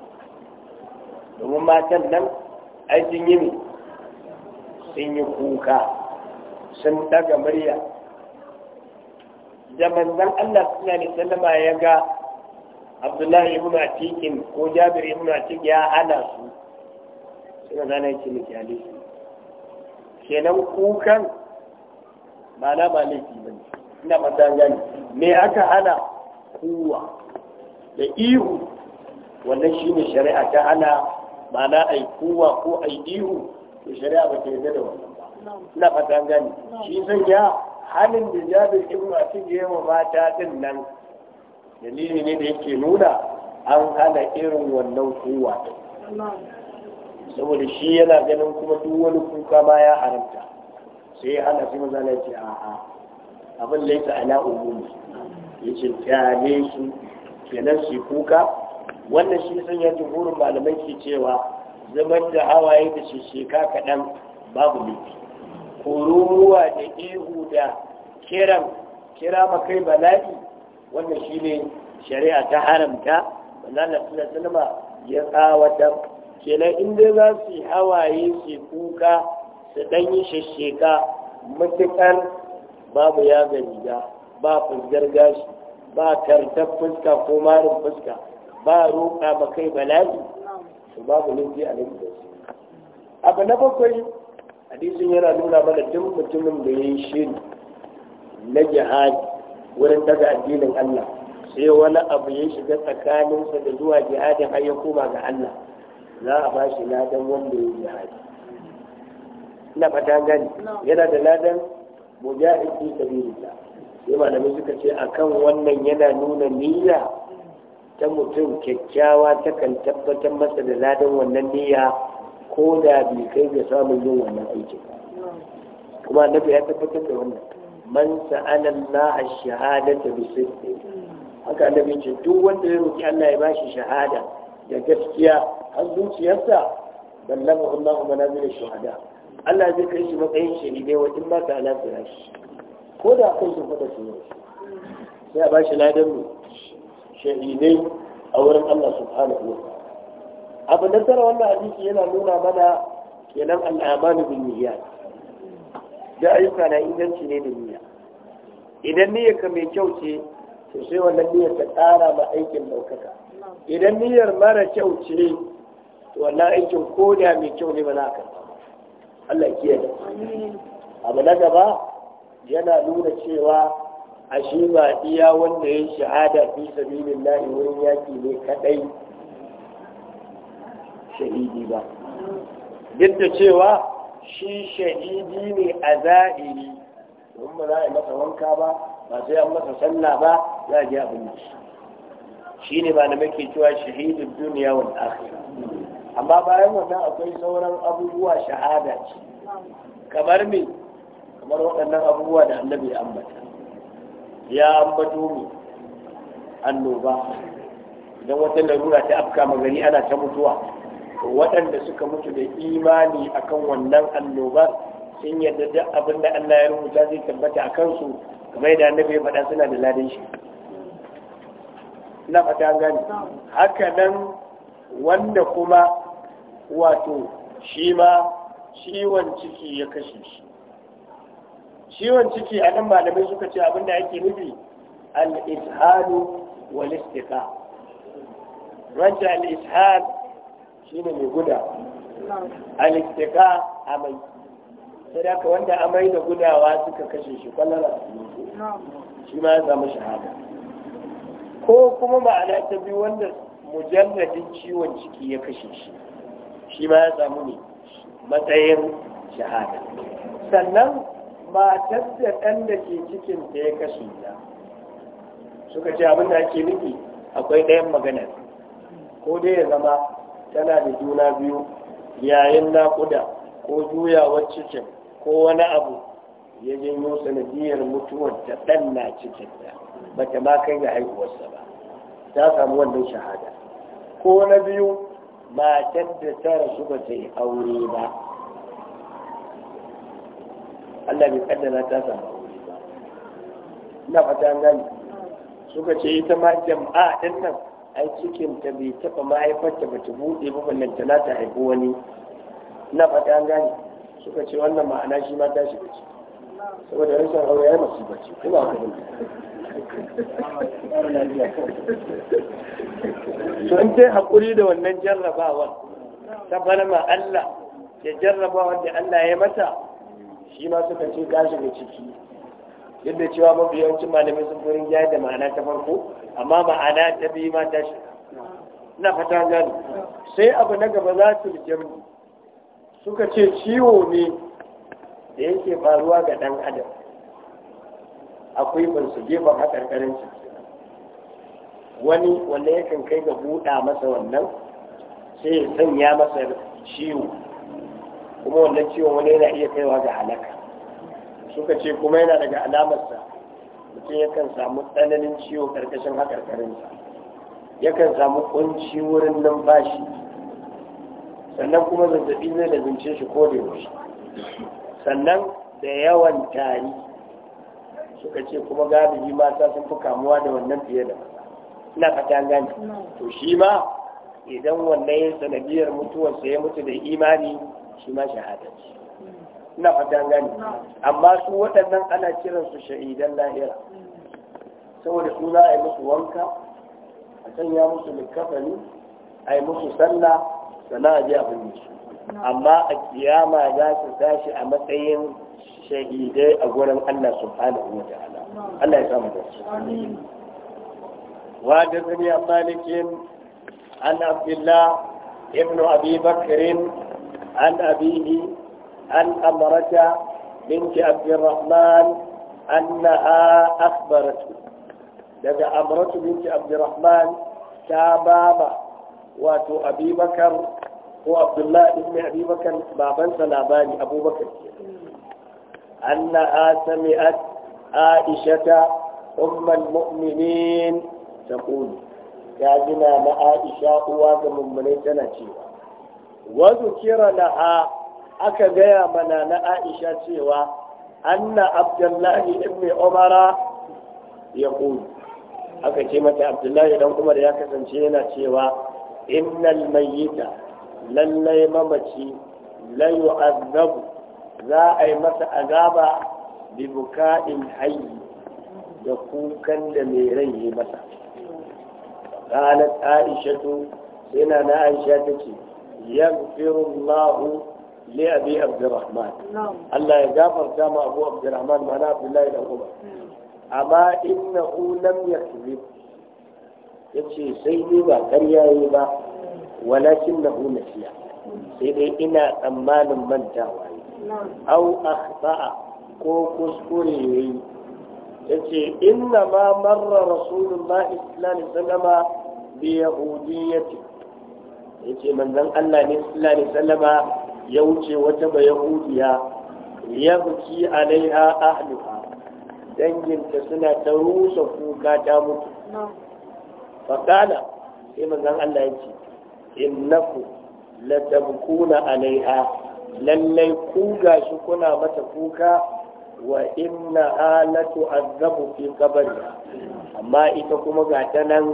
domin matan nan aikin sun yi sun yi kuka sun daga murya da manzon Allah sallallahu alaihi wasallam ya ga Abdullahi muna cikin, ko jabiri muna cikin, ya hana su suna zana yake miki alisi kenan kukan ba na ba fi ba ne ina mata gani me aka hana kuwa da ihu wannan shi ne shari'a ta hana ma'ana ai kowa ko yi ihu to shari'a ba ke yarda da wannan ba ina fata gani shi shi ya halin da jabir ibn asid ya ba mata din nan dalili ne da yake nuna an hana irin wannan kuwa. saboda shi yana ganin kuma duk wani kuka ma ya haramta sai ya hana sai mazana ce a'a abin laisa ala umumi ya ce kyale su kenan su kuka wannan shi sanya jumhurin malamai ke cewa zaman da hawaye da shisheka kaɗan babu laifi kururuwa da ihu da kiran kira makai bala'i wannan shi ne shari'a ta haramta manzana suna sinima ya tsawata kenan inda za su yi hawaye su kuka su yi shisheka matuƙar babu ya gani ba fuskar gashi ba kartar fuska ko marin fuska ba roƙa ba kai bala'i ba babu laifi a nan abu na bakwai hadisin yana nuna mana duk mutumin da ya yi shiri na jihadi wurin daga addinin Allah sai wani abu ya shiga tsakaninsa da zuwa jihadin har ya koma ga Allah za a ba shi ladan wanda ya yi jihadi ina fata gani yana da ladan ta fi sabilillah sai malamai suka ce akan wannan yana nuna niyya ta mutum kyakkyawa ta kan tabbatar masa da ladan wannan niyya ko da bai kai ga samun yin wannan aikin kuma annabi ya tabbatar da wannan man sa'ala Allah ash-shahadata bi sidqi haka annabi ce duk wanda ya roki Allah ya bashi shahada da gaskiya har zuciyarsa ballaghahu Allah manazil ash-shuhada Allah zai kai shi matsayin shahidai wa in ba ta alaƙa shi ko da akwai shi fada su ne sai a ba shi ladan mu shahidai a wurin Allah subhanahu wa abu na tara wannan hadisi yana nuna mana kenan al'amalu bin niyyat da ayyuka na inganci ne da niyya idan niyyar ka mai kyau ce to sai wannan niyyar ta tsara ma aikin ɗaukaka idan niyyar mara kyau ce to wannan aikin ko da mai kyau ne ba za ka Allah ya kiyaye abu na gaba yana nuna cewa ashe ba iya wanda ya shahada fi sabilillahi wurin yaki ne kadai shahidi ba duk da cewa shi shahidi ne a za'iri domin ba za a yi masa wanka ba ba sai an masa sallah ba za a ji abinci shi ne ba da muke cewa shahidin duniya wal akhirah amma bayan wannan akwai sauran abubuwa shahada ce kamar me kamar waɗannan abubuwa da annabi ya ambata ya ambato mu annoba idan wata larura ta afka magani ana ta mutuwa waɗanda suka mutu da imani akan wannan annobar sun yadda duk abin da Allah ya rubuta zai tabbata a kansu kamar yadda annabi ya faɗa suna da ladin shi ina fata an gani haka nan wanda kuma wato shi ma ciwon ciki ya kashe shi ciwon ciki a nan malamai suka ce abinda ake nufi al-ishalu wal istiqa rajja al-ishal shine mai guda al-istiqa amai sai da wanda amai da gudawa suka kashe shi kwallon shi ma ya zama shahada ko kuma ma'ana ta biyu wanda mujalladin ciwon ciki ya kashe shi shi ma ya samu ne matsayin shahada sannan matar da ɗan da ke cikin ta ya kashe ta suka ce abin da ake nufi akwai ɗayan magana, ko dai ya zama tana da juna biyu yayin naƙuda ko juyawar cikin ko wani abu ya janyo sanadiyar mutuwar ta ɗan na cikin ta ba ta ma kai ga haihuwarsa ba ta samu wannan shahada ko na biyu matar da ta rasu ba ta yi aure ba Allah bai kaddara ta sa aure ba ina fata gani suka ce ita ma jama'a din nan ai cikin ta bai taba mahaifarta ba ta buɗe ba wannan na ta haifi wani ina fata gani suka ce wannan ma'ana shi ma ta shiga ciki saboda rashin aure ya masu ce kuma a kudin to in ta haƙuri da wannan jarrabawa ta bana ma Allah ya jarraba wanda Allah ya mata shi ma suka ce ka shiga ciki duk da cewa mafi yawancin malamai sun furin ya da ma'ana ta farko amma ma'ana ta biyu ma ta shi na fata gani sai abu na gaba za su jam'i suka ce ciwo ne da yake faruwa ga ɗan adam akwai ban su gefen ƙarƙarin ciki wani wanda yakan kai ga buɗa masa wannan sai ya sanya masa ciwo kuma wannan ciwon wani yana iya kaiwa ga halaka suka ce kuma yana daga alamarsa mutum yakan samu tsananin ciwo karkashin haƙarƙarinsa yakan samu kunci wurin numfashi sannan kuma zazzaɓi zai da zance shi ko da yaushe sannan da yawan tari suka ce kuma galibi mata sun fi kamuwa da wannan fiye da ina fata gani to shi ma idan wannan sanadiyar mutuwarsa ya mutu da imani shi ma shahada ce ina fata gani amma su waɗannan ana kiransu shahidan lahira saboda su za a yi musu wanka a sanya musu likafani a yi musu sallah sannan a je a su amma a kiyama za su tashi a matsayin shahidai a gurin Allah subhanahu wa ta'ala Allah ya samu da su wa da malikin an abdullah ibnu abi bakrin عن أبيه عن أمرة بنت عبد الرحمن أنها أخبرته daga amratu binti ta baba wato abubakar ko abdullahi ibn abubakar baban sa labari abubakar anna asami'at aishata ummul mu'minin taqulu ya gina na aisha uwa ga mummune tana cewa wazu kira A aka gaya mana na aisha cewa na abdullahi ibn umara ya kulu aka ce mata abdullahi dan umar ya kasance yana cewa innal mayyita lallai mamaci layu azabu za a yi masa azaba bi buka'in hayyi da kukan da mai rai yi masa Aisha to yana na aisha tace يغفر الله لأبي عبد الرحمن الله يغفر كما أبو عبد الرحمن معناه عبد الله بن عمر أما إنه لم يكذب يمشي سيدي ما كريا ما ولكنه نسي سيدي إنا أمان من تاوي أو أخطأ كو كسكري يمشي إنما مر رسول الله صلى الله عليه وسلم بيهوديته ya ce manzan Allah ne sallallahu alaihi sallama ya wuce wata ba yahudiya ya buki alaiha ahluha danginta suna ta rusa kuka ta mutu fakala sai manzan Allah ya ce innaku la tabkuna alaiha lallai ku gashi kuna mata kuka wa inna alatu azabu fi qabri amma ita kuma ga ta nan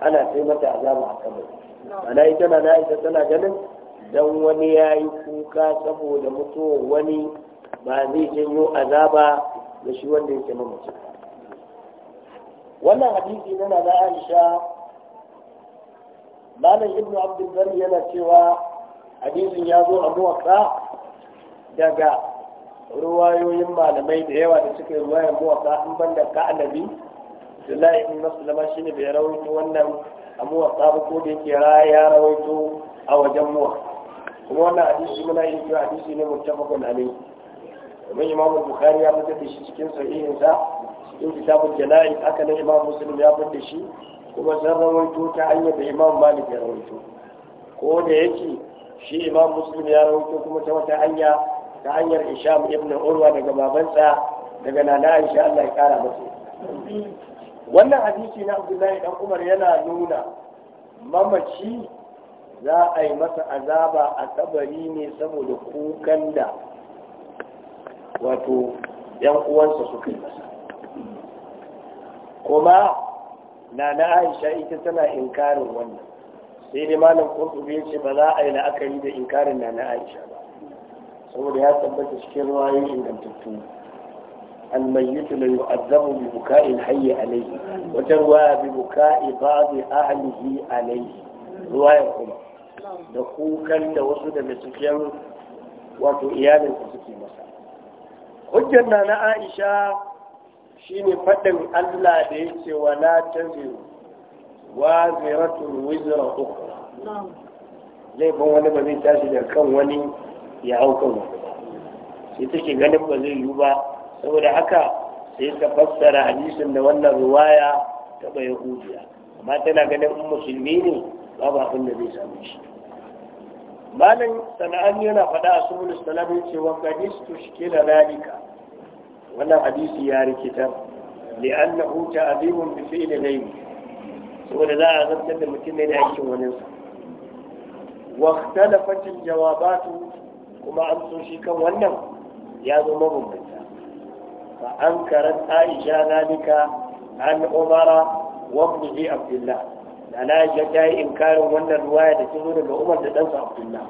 ana sai mata azaba a kabari ana ita na na aisha tana ganin don wani ya yi kuka saboda mutuwar wani ba zai janyo azaba da shi wanda yake mamaci wannan hadisi na na aisha malam ibnu abdul yana cewa hadisin ya zo a muwaka daga ruwayoyin malamai da yawa da suka yi ruwayan muwaka an banda ka'anabi Abdullahi ibn Maslama shine bai rawaito wannan a sabu ba ko da yake ya rawaito a wajen muwa kuma wannan hadisi muna yin cewa hadisi ne muttafaqun alayhi domin imam bukhari ya fitar da shi cikin sahihin sa cikin kitabul jana'i haka na imam muslim ya fitar da shi kuma sun rawaito ta hanyar da imam malik ya rawaito ko da yake shi imam muslim ya rawaito kuma ta wata hanya ta hanyar isham ibn urwa daga babansa daga nana aisha Allah ya kara masa wannan hadisi na abdullahi dan umar yana nuna mamaci za a yi masa azaba a tsabari ne saboda kukan da wato yan uwansa suka yi masa kuma na na aisha ita tana inkarin wannan sai dai malam kurtubi ya ce ba za a yi la'akari da inkarin na na aisha ba saboda ya tabbata cikin ruwayoyin ingantattu الميت ليعذب ببكاء الحي عليه وتروى ببكاء بعض أهله عليه رواية أخرى دقوكا لوسد بسكين wato iyalinsa suke masa hujjar na na aisha shine faɗin allah da ya ce wa la ta wa uku laifin wani ba zai tashi da kan wani ya hau kan wani sai take ganin ba zai yiwu ba saboda haka sai ta fassara hadisin da wannan ruwaya ta bai hudiya amma tana ganin in musulmi ne babu abin da zai samu shi malam sana'an yana faɗa a sumul salamin cewa gadis to shi da zalika wannan hadisi ya rikitar li'annahu ta'dibun bi fi'li ghayri saboda za a zartar da mutum ne da aikin waninsa واختلفت الجوابات kuma amsoshi kan wannan ya zo mabambanci فأنكرت عائشة ذلك عن عمر وابنه عبد الله أنا عائشة إنكار وأن الرواية تزول لعمر تنسى عبد الله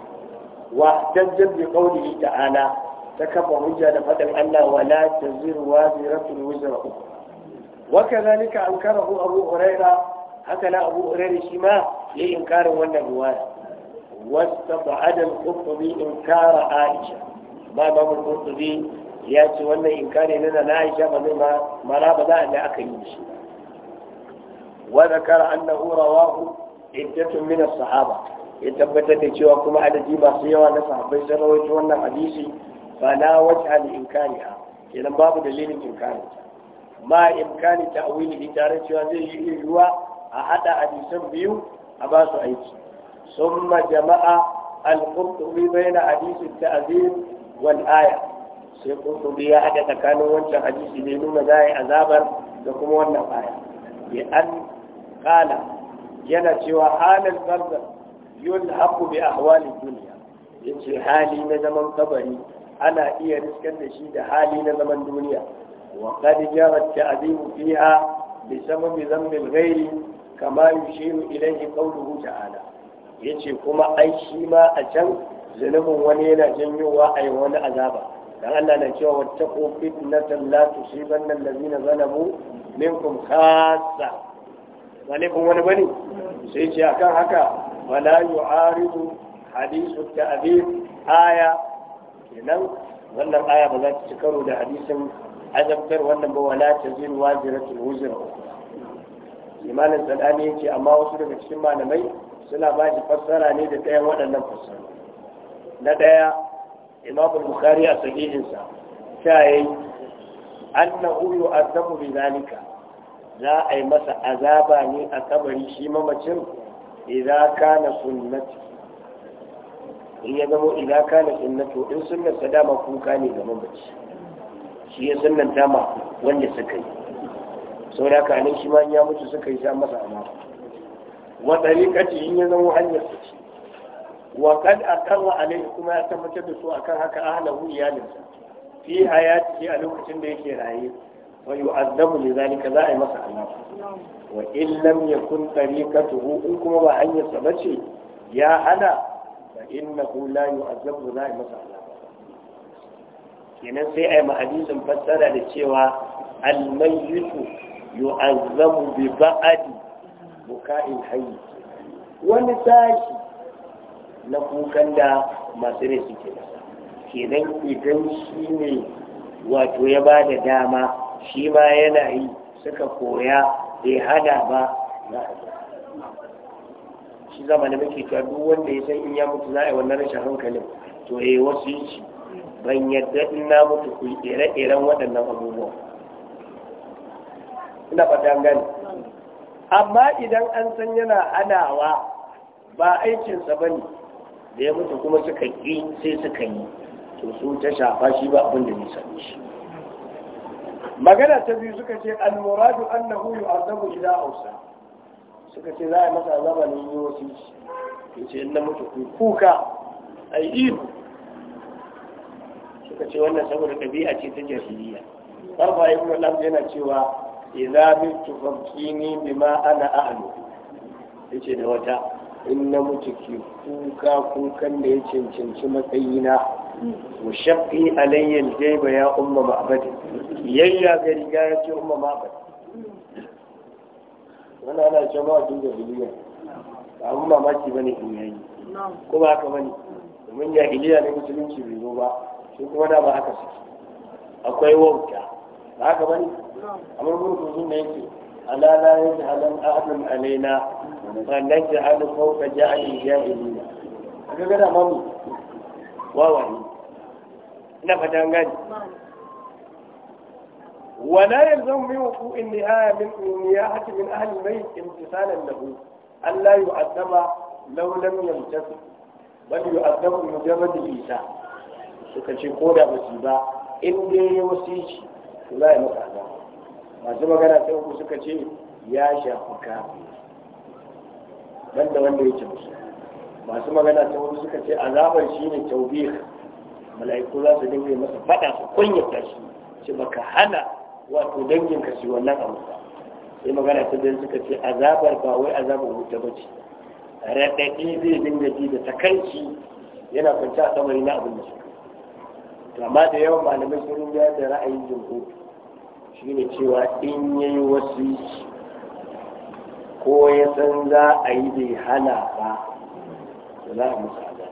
واحتجت بقوله تعالى تكفى وجه فتح الله ولا تزر وازرة وزر أخرى وكذلك أنكره أبو هريرة حتى لا أبو هريرة شما لإنكار وأن الرواية واستبعد القرطبي إنكار عائشة ما باب القرطبي ya ce wannan inkari na na Aisha ba zai mara ba za a da aka yi shi wa zakara annahu rawahu iddatun min as-sahaba ya tabbatar da cewa kuma adadi masu yawa na sahabbai sun rawaito wannan hadisi fa la wajha li inkariha kenan babu dalilin inkari ma imkani ta'wili tare cewa zai yi ruwa a hada hadisan biyu a ba su aiki ثم جمع القرطبي بين حديث التعذيب والآية sai kurkubi ya haɗa tsakanin wancan hadisi ne nuna za a azabar da kuma wannan baya. bi an kala yana cewa halin barzan yun haku bi ahwalin duniya ya ce hali na zaman kabari ana iya riskar da shi da hali na zaman duniya wa qad jarat ta'zimu fiha bi sababi zambil ghairi kama yushiru ilayhi qawluhu ta'ala yace kuma ai shi ma a can zunubin wani yana janyowa a wani azaba dan Allah na cewa wattaqu fitnatan la da zina zalamu minkum khassa Wani kun wani bane sai ce akan haka wala yu'aridu hadithu ta'dib aya kenan wannan aya ba za ta ci karo da hadisin azabtar wannan ba wala tazin waziratul wuzra imanin tsanani yake amma wasu daga cikin malamai suna ba shi fassara ne da ɗayan waɗannan fassara na ɗaya imam al-bukhari a sahihinsa ta yi annahu yu'azzamu bi zalika za a yi masa azaba ne a kabari shi mamacin idza kana sunnati in ya zama idza kana sunnatu in sunnar sa dama kuka ne ga mamaci shi ya sunnan dama wanda suka yi saboda ka nan shi ma ya mutu suka yi sa masa azaba wa tariqati in ya zama hanyar sa wa kad aqarra alayhi kuma ya tabbatar da su akan haka ahlahu iyalinsa fi hayati a lokacin da yake raye wa yu'azzabu li zalika za a yi masa azab wa in lam yakun tariqatuhu in kuma ba hanyarsa bace ya hada fa innahu la yu'azzabu za a yi masa azab kenan sai a yi fassara da cewa almayyitu yu'azzabu bi ba'adi buka'il hayy wani sashi na kukan da masu ne suke kenan idan shi ne wato ya ba da dama shi ma yana yi suka koya bai hada ba na shi zama da muke cewa wanda ya san in ya mutu za a yi wannan rashin hankalin to ya yi wasu yi ci ban yadda in na mutu ku ire-iren waɗannan abubuwa ina fata gani amma idan an san yana hadawa ba aikinsa ba ne da ya mutu kuma suka ƙi sai suka yi to su ta shafa shi ba abin da nisa shi magana ta biyu suka ce al-muradu annahu yu'adabu ila ausa suka ce za a masa azaba ne yi wasu to ce in na mutu kuka ai ihu suka ce wannan saboda ɗabi'a ce ta jahiliya farfa ibn al yana cewa idza mitu fabkini bima ana a'lu yace da wata in na mutu ke kuka kukan da ya cancanci matsayina wa shafi alayyar jaiba ya umma ma'abadi yayya ga riga ya ce umma ma'abadi wani ana ma tun da duniya ba abin mamaki ba ne in yayi ko ba haka ba domin ya iliya na musulunci bai zo ba shi kuma da ba haka suke akwai wauta ba haka ba ne amma mun kuzun da yake ألا لا يجهل أحد علينا ونجعل فوق جعل الجاهلين هذا مامي واوعي ina fata gani ولا يلزم من وقوع النهاية من نياحة من أهل البيت امتثالا له أن لا يؤدب لو لم يمتثل بل يؤدب بمجرد الإيتاء suka ce ko da ba su ba in dai ya wasici to za a maka azaba masu magana ta uku suka ce ya shafi kafin da wanda ya musu masu magana ta wani suka ce azabar shi ne taubir mala'iku za su dinga masa fada su kunyata shi ce baka hana wato dangin ka shi wannan abu sai magana ta biyan suka ce azabar ba wai azabar wuta ba ce raɗaɗi zai dinga ji da takanci yana kwanci a samari na abin da su amma da yawan malamai sun rinja da ra'ayin jimhuri shine cewa in yayi wasu ko ya san za a yi bai hana ba da za a musu azaba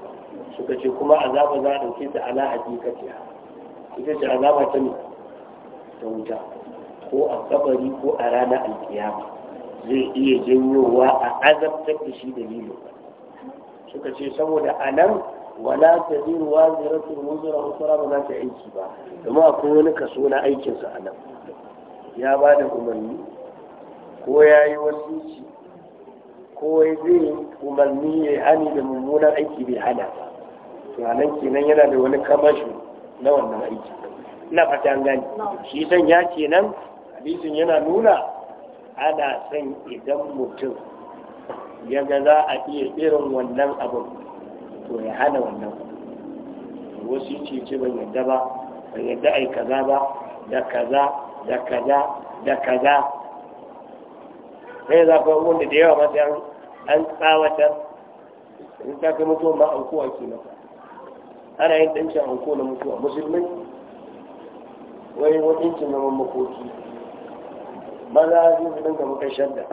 suka ce kuma azaba za a ɗauke ta ala hakikati ita ce azaba ta ne ta wuta ko a kabari ko a rana alkiyama zai iya janyowa a azabtar da shi dalilin suka ce saboda a nan wala ta ziru wa ziratun muzura usura ba za ta aiki ba kuma akwai wani kaso na aikinsa a nan ya ba da umarni ko ya yi wasici ko zai yi umarni ya hani da mummunan aiki bai hana ba to a nan kenan yana da wani kamashi na wannan aiki ina fata an gani shi san ya nan, hadisin yana nuna ana son idan mutum ya ga za a iya irin wannan abin to ya hana wannan wasu ce ce ban yadda ba ban yadda ai kaza ba da kaza da kaza da kaza sai za ku yi wanda da yawa masu an tsawatar in ta kai mutuwa ma an kowa ke maka ana yin ɗancin an kowa na mutuwa musulmai wani cin na makoki maza zai zai dinga muka shadda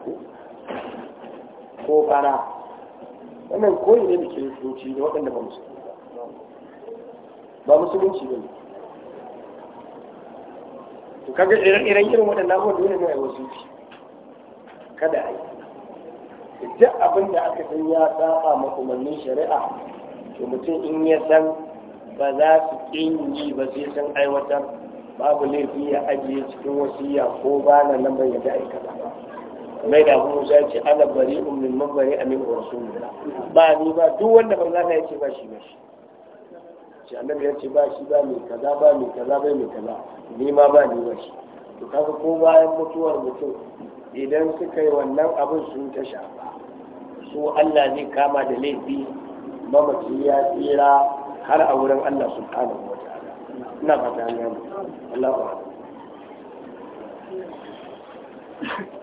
ko fara wannan koyi ne da rikici da waɗanda ba musulunci ba ba musulunci ba ne to kaga ire-iren irin waɗannan abubuwa dole ne a wasu kada a yi Da abin da aka san ya saba ma shari'a to mutum in ya san ba za su ƙin yi ba sai san aiwatar babu laifi ya ajiye cikin wasiya ko ba na nan ya yadda aikata ba Mai da abu musa ya ce ana bari ummin man bari amin rasulullah ba ni ba duk wanda ban zaka yace ba shi ba shi ce annabi ya ce ba shi ba mai kaza ba mai kaza ba mai kaza ni ma ba ni ba shi to kaga ko bayan mutuwar mutum idan suka yi wannan abin sun ta shafa su Allah zai kama da laifi mamaci ya tsira har a wurin Allah subhanahu wataala ina fata ne Allah ba